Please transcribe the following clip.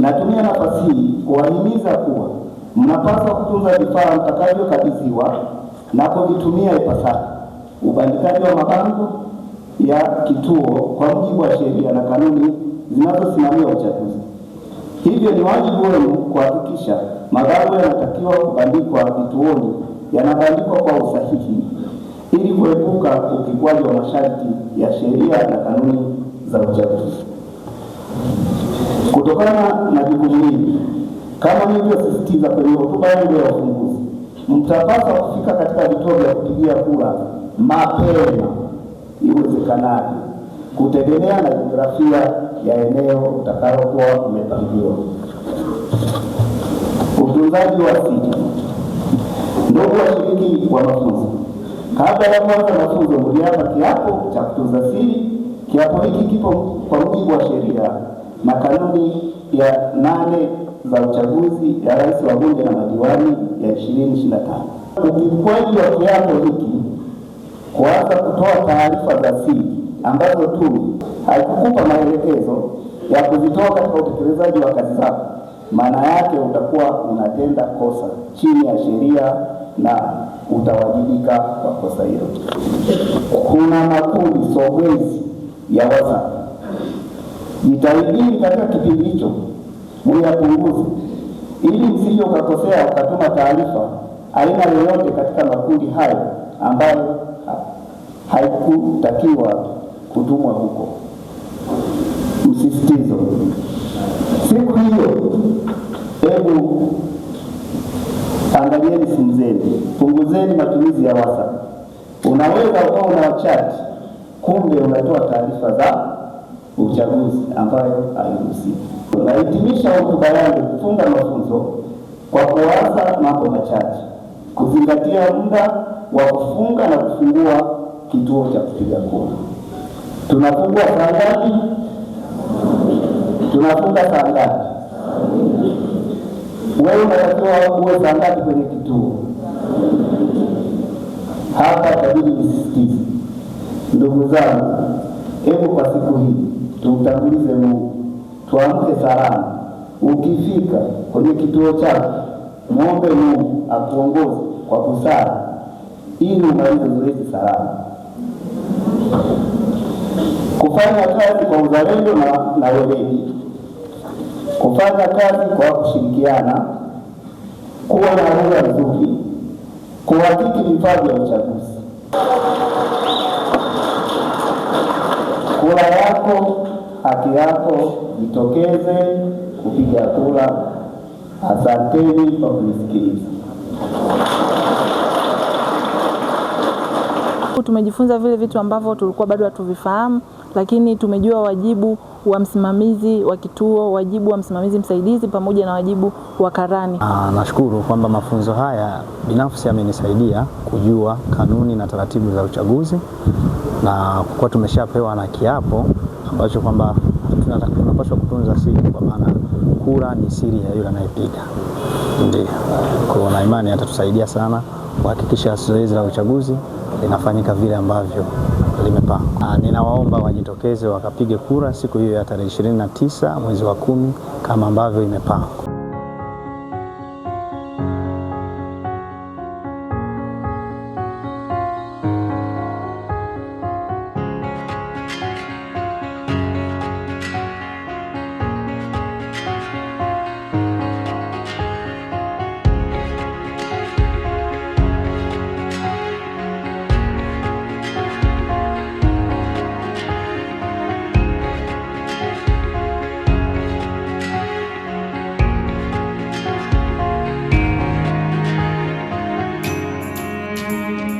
Natumia nafasi hii kuwahimiza kuwa mnapaswa kutunza vifaa mtakavyokabidhiwa na kuvitumia ipasavyo. Ubandikaji wa mabango ya kituo kwa mujibu wa sheria na kanuni zinazosimamia uchaguzi. Hivyo ni wajibu wenu kuhakikisha mabango yanatakiwa kubandikwa vituoni yanabandikwa kwa usahihi ili kuepuka ukiukwaji wa masharti ya sheria na kanuni za uchaguzi. Kutokana na jukumu hili, kama nilivyosisitiza kwenye hotuba yangu ya ufunguzi, mtapaswa kufika katika vituo vya kupigia kura mapema iwezekanavyo, kutegemea na jiografia ya eneo utakayokuwa umepangiwa. Utunzaji wa siti Ndugu washiriki wa mafunzo, kabla ya kuanza mafunzo, mliapa kiapo cha kutunza siri. Kiapo hiki kipo kwa mujibu wa sheria na kanuni ya nane za uchaguzi ya rais wa bunge na madiwani ya 2025. Ukiukwaji wa kiapo hiki kuanza kutoa taarifa za siri ambazo tu haikukupa maelekezo ya kuzitoa katika utekelezaji wa kazi zako, maana yake utakuwa unatenda kosa chini ya sheria na utawajibika kwa kosa hilo. Kuna makundi sogezi ya WhatsApp Jitahidini katika kipindi hicho muyapunguze, ili msije ukakosea ukatuma taarifa aina yoyote katika makundi hayo ambayo haikutakiwa kutumwa huko. Msisitizo siku hiyo, hebu angalieni simu zenu, punguzeni matumizi ya WhatsApp. Unaweza ukawa una wachati, kumbe unatoa taarifa za uchaguzi ambayo aligusia. Nahitimisha hotuba yangu kufunga mafunzo kwa kuwaza mambo machache: kuzingatia muda wa kufunga na kufungua kituo cha kupiga kura. Tunafungua saa ngapi? Tunafunga saa ngapi? Wewe unatakiwa uwe saa ngapi kwenye kituo? Hapa tabidi nisisitize, ndugu zangu, hebu kwa siku hii tumtangulize Mungu, tuamke salama. Ukifika kwenye kituo chako, muombe Mungu akuongoze kwa busara ili umalize zoezi salama. Kufanya kazi kwa uzalendo na, na weledi, kufanya kazi kwa kushirikiana, kuwa na lugha nzuri, kuhakiki vifaa vya uchaguzi, kura yako haki yako, jitokeze kupiga kura. Asanteni kwa kunisikiliza. Tumejifunza vile vitu ambavyo tulikuwa bado hatuvifahamu, lakini tumejua wajibu wa msimamizi wa kituo, wajibu wa msimamizi msaidizi, pamoja na wajibu wa karani. Ah, nashukuru kwamba mafunzo haya binafsi yamenisaidia kujua kanuni na taratibu za uchaguzi, na kwa kuwa tumeshapewa na kiapo ambacho kwamba tunapaswa kutunza siri, kwa maana kura ni siri ya yule anayepiga. Ndio kwa na imani atatusaidia sana kuhakikisha zoezi la uchaguzi linafanyika vile ambavyo limepangwa. Ah, ninawaomba wajitokeze wakapige kura siku hiyo ya tarehe 29 mwezi wa kumi kama ambavyo imepangwa. Música